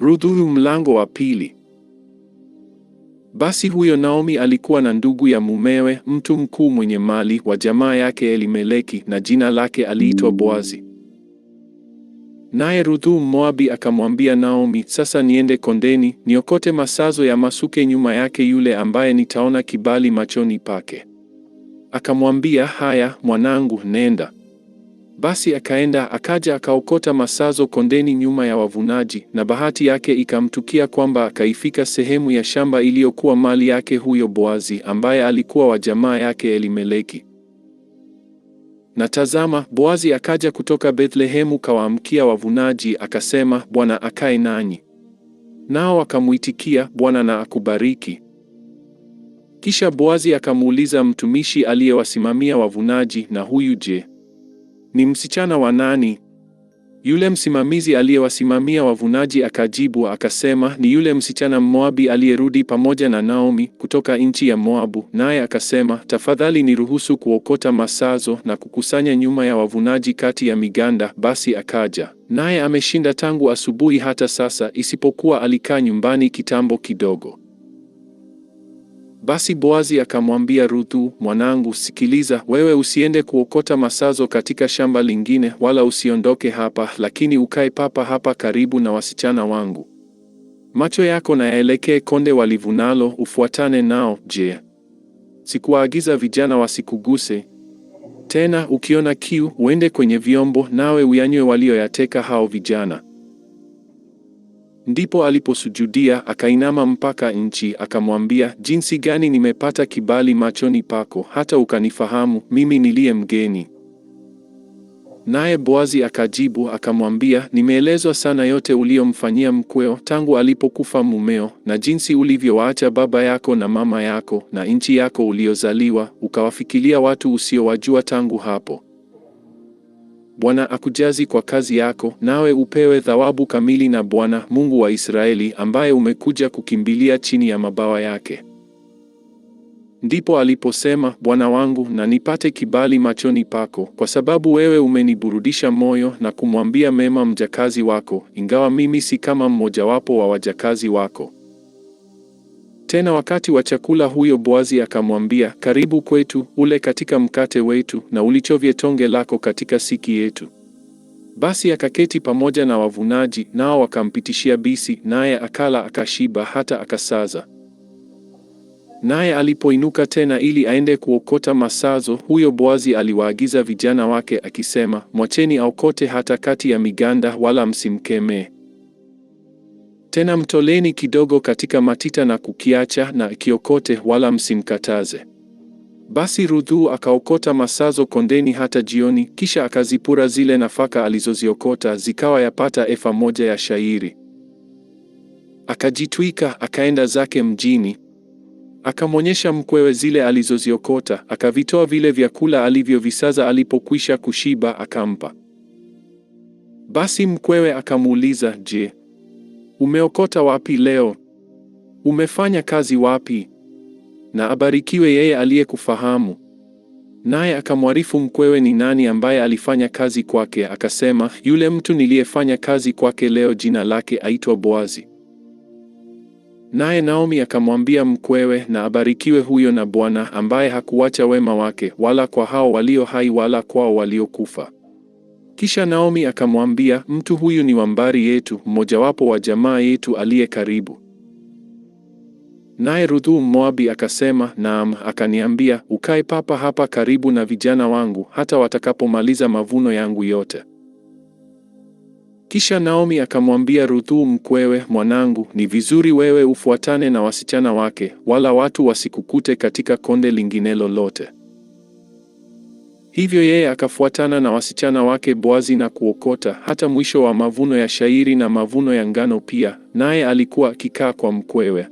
Ruthu mlango wa pili. Basi huyo Naomi alikuwa na ndugu ya mumewe, mtu mkuu mwenye mali wa jamaa yake Elimeleki, na jina lake aliitwa Boazi. Naye Ruthu moabi akamwambia Naomi, sasa niende kondeni niokote masazo ya masuke nyuma yake yule ambaye nitaona kibali machoni pake. Akamwambia, haya mwanangu, nenda. Basi akaenda akaja akaokota masazo kondeni nyuma ya wavunaji, na bahati yake ikamtukia kwamba akaifika sehemu ya shamba iliyokuwa mali yake huyo Boazi, ambaye alikuwa wa jamaa yake Elimeleki. Na tazama, Boazi akaja kutoka Bethlehemu kawaamkia wavunaji, akasema, Bwana akae nanyi. Nao akamwitikia Bwana na akubariki. Kisha Boazi akamuuliza mtumishi aliyewasimamia wavunaji, na huyu je? Ni msichana wa nani? Yule msimamizi aliyewasimamia wavunaji akajibu akasema, ni yule msichana Mmoabi aliyerudi pamoja na Naomi kutoka nchi ya Moabu, naye akasema, tafadhali niruhusu kuokota masazo na kukusanya nyuma ya wavunaji kati ya miganda. Basi akaja naye ameshinda tangu asubuhi hata sasa, isipokuwa alikaa nyumbani kitambo kidogo. Basi Boazi akamwambia Ruthu, mwanangu, sikiliza, wewe usiende kuokota masazo katika shamba lingine, wala usiondoke hapa, lakini ukae papa hapa karibu na wasichana wangu. Macho yako na yaelekee konde walivunalo, ufuatane nao. Je, sikuwaagiza vijana wasikuguse? Tena ukiona kiu, uende kwenye vyombo, nawe uyanywe walioyateka hao vijana. Ndipo aliposujudia akainama mpaka nchi, akamwambia, jinsi gani nimepata kibali machoni pako hata ukanifahamu mimi niliye mgeni? Naye Boazi akajibu akamwambia, nimeelezwa sana yote uliyomfanyia mkweo tangu alipokufa mumeo, na jinsi ulivyowaacha baba yako na mama yako na nchi yako uliyozaliwa, ukawafikilia watu usiowajua tangu hapo Bwana akujazi kwa kazi yako, nawe upewe thawabu kamili na Bwana Mungu wa Israeli, ambaye umekuja kukimbilia chini ya mabawa yake. Ndipo aliposema, Bwana wangu, na nipate kibali machoni pako, kwa sababu wewe umeniburudisha moyo na kumwambia mema mjakazi wako, ingawa mimi si kama mmojawapo wa wajakazi wako. Tena wakati wa chakula huyo Boazi akamwambia, karibu kwetu, ule katika mkate wetu, na ulichovye tonge lako katika siki yetu. Basi akaketi pamoja na wavunaji, nao wakampitishia bisi, naye akala akashiba, hata akasaza. Naye alipoinuka tena ili aende kuokota masazo, huyo Boazi aliwaagiza vijana wake akisema, mwacheni aokote hata kati ya miganda, wala msimkemee. Tena mtoleni kidogo katika matita na kukiacha na kiokote, wala msimkataze. Basi Ruthu akaokota masazo kondeni hata jioni, kisha akazipura zile nafaka alizoziokota, zikawa yapata efa moja ya shairi. Akajitwika akaenda zake mjini, akamwonyesha mkwewe zile alizoziokota, akavitoa vile vyakula alivyovisaza alipokwisha kushiba, akampa. Basi mkwewe akamuuliza, Je, Umeokota wapi leo? Umefanya kazi wapi? Na abarikiwe yeye aliyekufahamu. Naye akamwarifu mkwewe ni nani ambaye alifanya kazi kwake, akasema, yule mtu niliyefanya kazi kwake leo jina lake aitwa Boazi. Naye Naomi akamwambia mkwewe, na abarikiwe huyo na Bwana ambaye hakuwacha wema wake, wala kwa hao walio hai, wala kwao waliokufa. Kisha Naomi akamwambia, mtu huyu ni wambari yetu, mmojawapo wa jamaa yetu aliye karibu. Naye Ruthu Moabi akasema, naam, akaniambia, ukae papa hapa karibu na vijana wangu hata watakapomaliza mavuno yangu yote. Kisha Naomi akamwambia Ruthu mkwewe, mwanangu, ni vizuri wewe ufuatane na wasichana wake, wala watu wasikukute katika konde lingine lolote. Hivyo yeye akafuatana na wasichana wake Boazi na kuokota hata mwisho wa mavuno ya shairi na mavuno ya ngano pia, naye alikuwa akikaa kwa mkwewe.